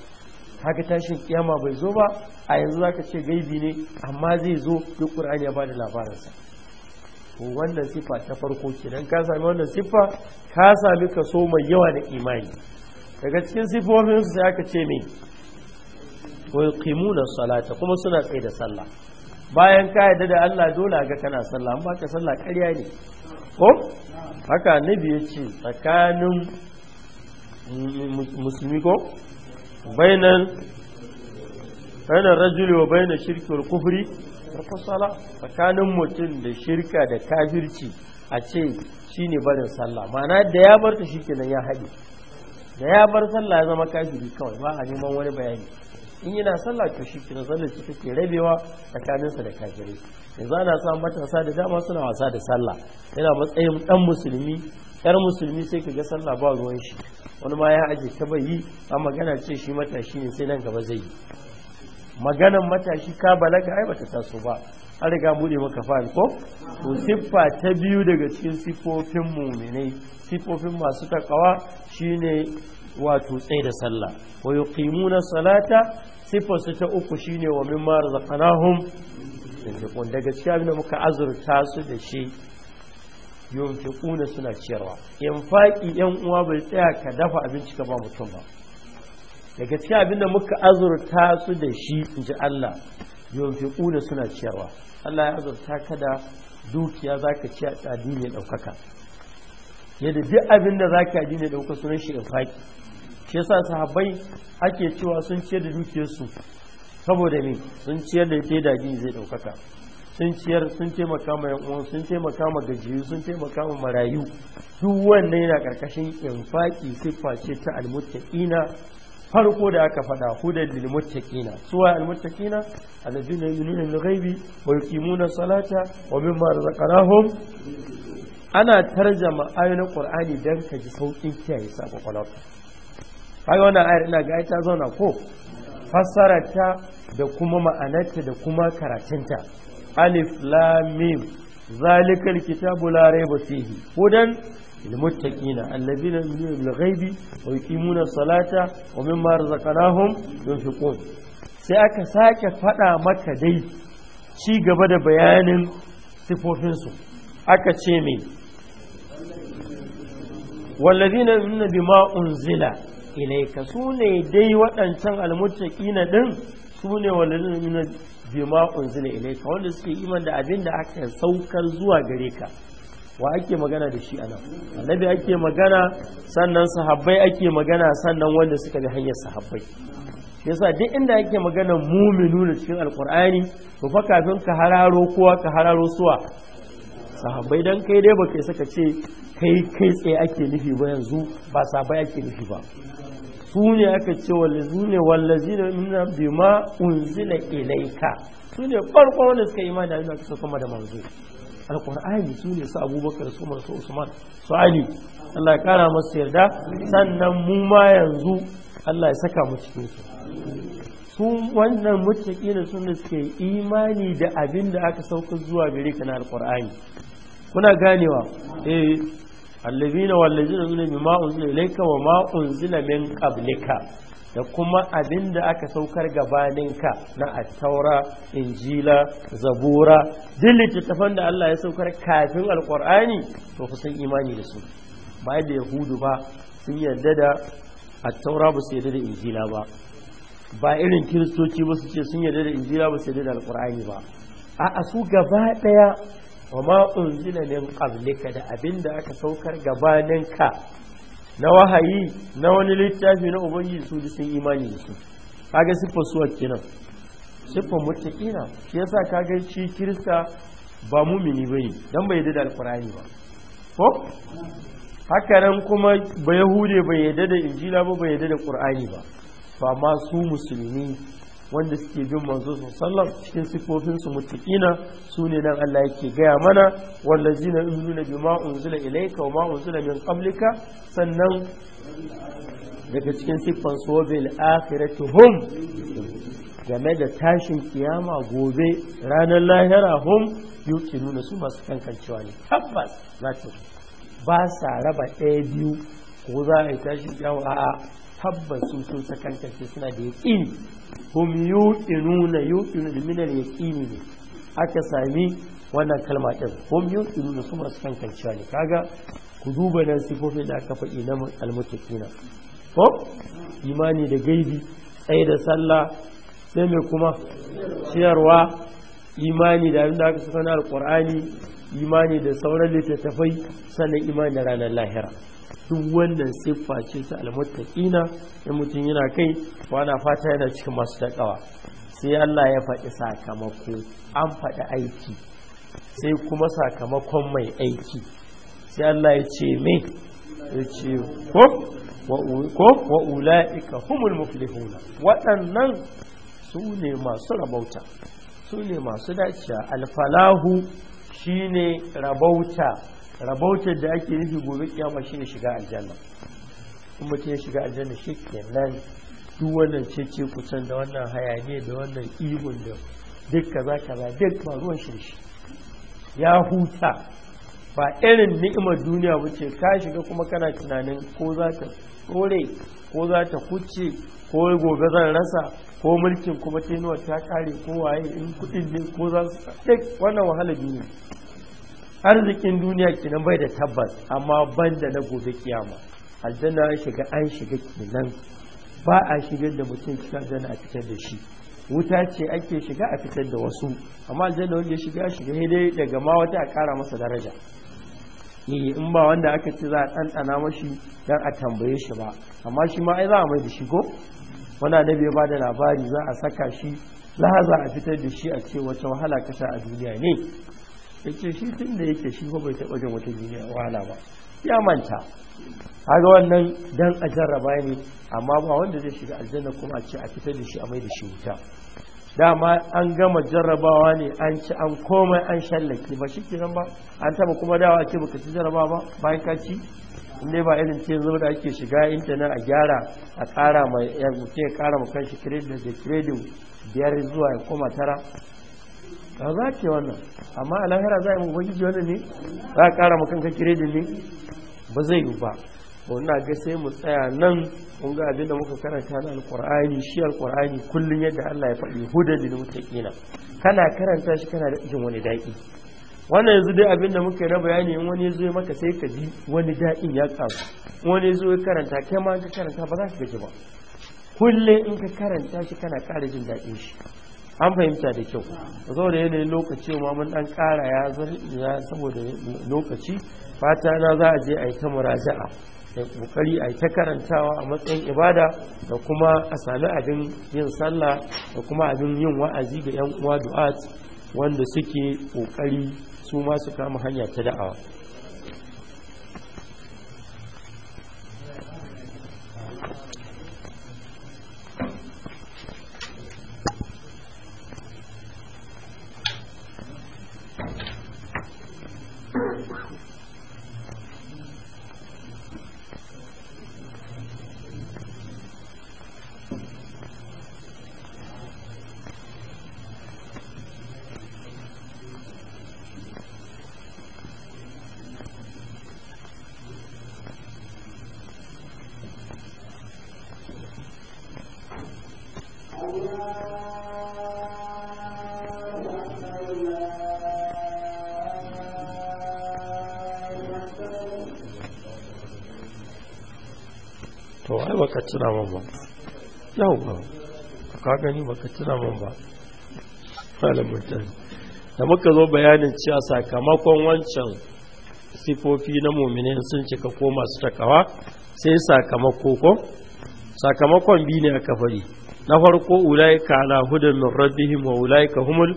haka tashin kiyama bai zo ba a yanzu za ka ce gaibi ne amma zai zo duk ƙur'ani ya bada labarinsa wannan sifa ta farko kenan ka sami wannan sifa ka sami kaso mai yawa da imani daga cikin sifofin su sai aka ce me wa salata kuma suna tsaye da sallah bayan ka yarda da Allah dole ga kana sallah an baka sallah ƙarya ne ko haka annabi ya ce tsakanin musulmi ko bainan rajuli wa bainan shirki wal kufri farko sala tsakanin mutum da shirka da kafirci a ce shi ne barin sallah mana da ya bar ta nan ya haɗe da ya bar sallah ya zama kafiri kawai ba a neman wani bayani in yana sallah to shikenan sallar shi take rabewa tsakaninsa da kafirai yanzu ana sa matasa da dama suna wasa da sallah yana matsayin dan musulmi yar musulmi sai ka ga sallah ba ruwan shi wani ma ya aje ta bai yi a magana ce shi matashi ne sai nan gaba zai yi maganan matashi ka balaga ai bata taso ba an riga bude maka fa'al ko to siffa ta biyu daga cikin sifofin muminai sifofin masu takawa shine wato tsaye da sallah wa yuqimuna salata siffarsu ta uku shine wa mimma razaqnahum daga cikin abin da muka azurta su da shi yunfiquna suna ciyarwa faƙi yan uwa bai tsaya ka dafa abinci ka ba mutum ba daga cikin abinda muka azurta su da shi in inji Allah yunfiquna suna ciyarwa Allah ya azurta ka da dukiya zaka ci a tsadi mai daukaka yadda duk abinda zaka ji ne dauka sunan shi faƙi shi yasa sahabbai ake cewa sun ciyar da dukiyarsu saboda ne sun ciyar da ita da zai daukaka sun ciyar sun taimaka ma yan sun taimaka ma gajiyu sun taimaka ma marayu duk wannan yana karkashin infaki siffa ce ta almuttaqina farko da aka fada hudar lil muttaqina suwa al muttaqina alladhina yu'minuna bil ghaibi wa yuqimuna salata wa mimma razaqnahum ana tarjama ayoyin qur'ani dan ka ji saukin kiyaye sa kwakwalwa wannan ayar ina ga zauna ko fassararta da kuma ma'anarta da kuma karatunta alif lamim zalikal kitabu la raiba fihi hudan للمتقين الذين wa بالغيب ويقيمون الصلاة ومما رزقناهم ينفقون sai aka sake faɗa maka dai ci gaba da bayanin sifofinsu aka ce mai wallazina yumna bima unzila ilayka su ne dai waɗancan almuttaqina ɗin su ne bima unzila ilayka wanda suke iman da abin da aka saukar zuwa gare ka wa ake magana da shi anan annabi ake magana sannan sahabbai ake magana sannan wanda suka bi hanyar sahabbai yasa duk inda ake magana muminu da cikin alkur'ani to fa kafin ka hararo kowa ka hararo suwa sahabbai dan kai dai baka saka ce kai kai tsaye ake nufi ba yanzu ba sahabbai ake nufi ba su ne aka ce wallazi ne wallazi ne nuna bima unzila ilaika su ne farko wanda suka yi da abinda aka sauka da manzo alkur'ani su ne su abubakar su umar su usman su ali Allah ya kara masu yarda sannan mu ma yanzu Allah ya saka mu cikin su su wannan mutaki da sun da suke imani da abin da aka sauka zuwa gare ka na alkur'ani kuna ganewa eh allazina wallazina zuna bima unzila ilayka wa ma unzila min qablika da kuma abinda aka saukar gabaninka na attaura injila zabura duk littattafan da Allah ya saukar kafin alkur'ani to ku san imani da su ba da yahudu ba sun yarda da attaura ba su yarda da injila ba ba irin kiristoci ba su ce sun yarda da injila ba su yarda da alkur'ani ba a su gaba daya wa ma unzila min qablika da abinda aka saukar gabaninka na wahayi na wani littafi na ubangiji su sun imani da su kaga siffar suwa kenan siffar muttaqina shi yasa kaga shi kirista ba mumini bane dan bai yadda alqur'ani ba ko haka nan kuma ba yahude bai yadda da injila ba bai yadda da qur'ani ba to amma su musulmi wanda suke bin manzo sallam cikin sifofin su muttaqina sune nan Allah yake gaya mana wallazina yu'minuna bima unzila ilayka wa ma unzila min qablika sannan daga cikin siffan su wa bil akhirati hum game da tashin kiyama gobe ranar lahira hum nuna su masu kankancewa ne tabbas za ta ba sa raba ɗaya biyu ko za a yi tashin kiyama a'a tabbas sun sun sakantance suna da yaƙini hum yuqinuna yuqinu min al-yaqini ne aka sami wannan kalma din hum yuqinuna su masu kankancewa ne kaga ku duba nan sifofin da aka faɗi na al-muttaqina ko imani da gaibi tsaye da sallah sai mai kuma ciyarwa imani da abin da aka alqur'ani imani da sauran littattafai sannan imani da ranar lahira duk wannan siffa ce ta almuttaqina in mutum yana kai ko ana fata yana cikin masu takawa sai Allah ya faɗi sakamako an faɗi aiki sai kuma sakamakon mai aiki sai Allah ya ce me ya ce ko ko wa ula'ika humul muflihuna waɗannan su ne masu rabauta su ne masu dacewa alfalahu shine rabauta rabautar da ake nufi gobe kiyama shine shiga aljanna in mutum ya shiga aljanna shi kenan duk wannan cece kusan da wannan hayaniya da wannan ihun da duk kaza kaza duk ba ruwan shi ya huta ba irin ni'imar duniya ba ce ka shiga kuma kana tunanin ko za ta tsore ko za ta kuce ko gobe zan rasa ko mulkin kuma tenuwa ta kare ko waye in kudin ne ko za su duk wannan wahala duniya arzikin duniya kenan bai da tabbas amma banda na gobe kiyama aljanna an shiga an shiga kenan ba a shigar da mutum cikin aljanna a fitar da shi wuta ce ake shiga a fitar da wasu amma aljanna wanda ya shiga shiga dai daga ma wata a kara masa daraja eh, in ba wanda aka ce za a ɗanɗana mashi dan a tambaye shi ba amma shi ma ai za a mai da shi ko wani annabi ya bada labari za a saka shi lahaza a fitar da shi a ce wata wahala kasa a duniya ne yake shi tun da yake shi bai taɓa jin wata duniya wahala ba ya manta haga wannan dan a jarraba ne amma ba wanda zai shiga aljanna kuma a ce a fitar da shi a mai da shi wuta dama an gama jarrabawa ne an ci an komai an shallake ba shi kenan ba an taba kuma dawa ce baka ci jarraba ba bayan kaci. ci ne ba irin ce zama da ake shiga intanet a gyara a kara mai ya kara ma shi credit da kiredi biyar zuwa ya koma tara ba za ce wannan amma a lahira za a yi ji wannan ne za a kara makanka kiredi ne ba zai yi ba wannan ga sai mu tsaya nan kun ga abinda muka karanta na alkur'ani shi alkur'ani kullum yadda Allah ya faɗi hudar da mutaqina kana karanta shi kana da jin wani daɗi wannan yanzu dai abinda muka yi na bayani in wani zo maka sai ka ji wani daɗin ya karu wani zo ya karanta kai ma ka karanta ba za ka gaji ba kullum in ka karanta shi kana ƙara jin daɗin shi an fahimta da kyau da yanayin lokaci ma mun dan kara ya saboda lokaci fata na za a je a yi ta muraja'a da kokari a yi ta karantawa a matsayin ibada da kuma a sami abin yin sallah da kuma abin yin wa'azi ga yan uwa du'at wanda suke kokari su ma su kama hanya ta da'awa baka tuna min ba yawwa ka gani baka tuna min ba malamin da muka zo bayanin cewa sakamakon wancan sifofi na mumine sun cika ko masu takawa sai sakamako ko sakamakon bi ne aka kafari na farko ulaika ala hudun min rabbihim wa ulaika humul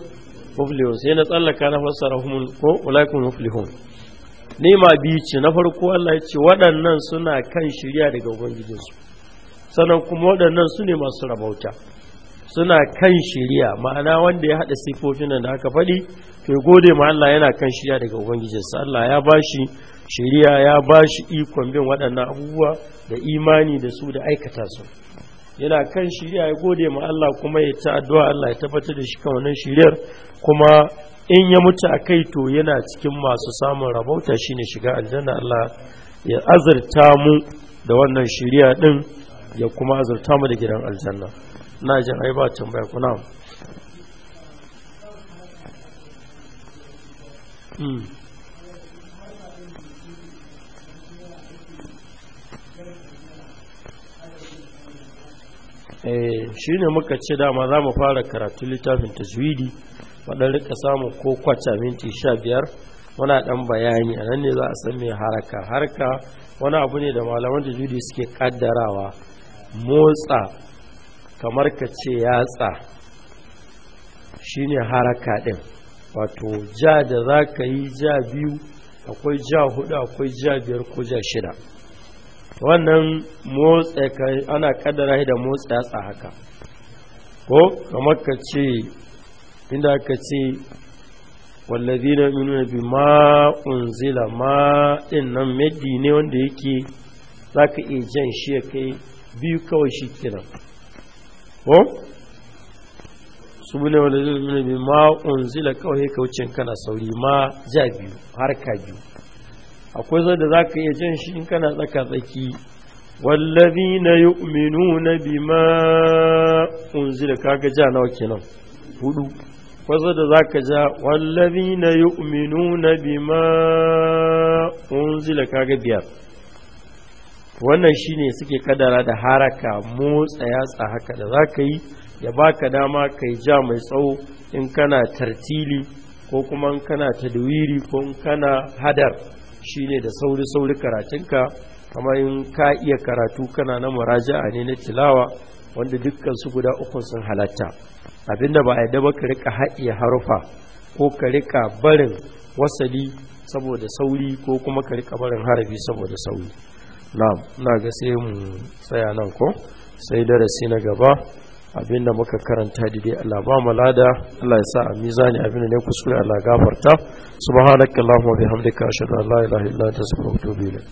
muflihun sai na tsallaka na fassara humul ko hufliho muflihun nema biyu ce na farko Allah ya ce waɗannan suna kan shirya daga ubangijinsu sannan kuma waɗannan su ne masu rabauta suna kan shiriya ma'ana wanda ya haɗa sifofin nan da aka faɗi to gode ma Allah yana kan shiriya daga ubangijinsa Allah ya bashi shiriya ya bashi ikon bin waɗannan abubuwa da imani da su da aikata su yana kan shiriya ya gode ma Allah kuma ya ta addu'a Allah ya tabbatar da shi kan wannan shiriyar kuma in ya mutu a kai to yana cikin masu samun rabauta shine shiga aljanna Allah ya azurta mu da wannan shiriya din ya kuma azurta mu da gidan aljanna na jin ai ba tambaya kuna hmm. eh, shi ne muka ce dama za mu fara karatu littafin tajwidi waɗan rika samun ko kwaca minti sha biyar wana ɗan bayani a nan ne za a san mai haraka haraka wani abu ne da malaman tajwidi suke kaddarawa motsa kamar ka ce yatsa ne haraka ɗin wato ja da za ka yi ja biyu akwai ja hudu akwai ja biyar ko ja shida wannan motsa ana kaddara da motsa yatsa haka ko kamar ka ce inda ka ce wallazi na nuna bi ma'unzila ma'in nan medi ne wanda yake za ka iya jan shi ya kai biyu kawai shi kenan ko su ne wani zai zai ma unzila kawai kaucin kana sauri ma ja biyu harka biyu akwai zai da za ka iya jan shi in kana tsaka tsaki wallazi na yi uminu na bi ma unzila kaga ja nawa kenan hudu kwazo da za ka ja wallazi na yi uminu na bi ma unzila kaga biyar wannan shi ne suke kadara da haraka motsa yatsa haka da za ka yi ya baka dama ka yi ja mai tsawo in kana tartili ko kuma in kana tadwiri ko in kana hadar shi ne da sauri-sauri karatunka kamar in ka iya karatu kana na muraja'a ne na tilawa wanda dukkan su guda uku sun halatta abinda ba a yadda ba ka rika haɗiye harufa ko ka rika barin wasali saboda sauri ko kuma ka rika barin harafi saboda sauri na'am ina ga sai mu tsaya nan ko sai darasi na gaba abinda muka karanta dide Allah ba malada lada Allah ya sa a mizani abinda ne kuskure Allah gafarta subhanakallahumma bihamdika ashhadu an la ilaha illa anta astaghfiruka wa atubu ilayk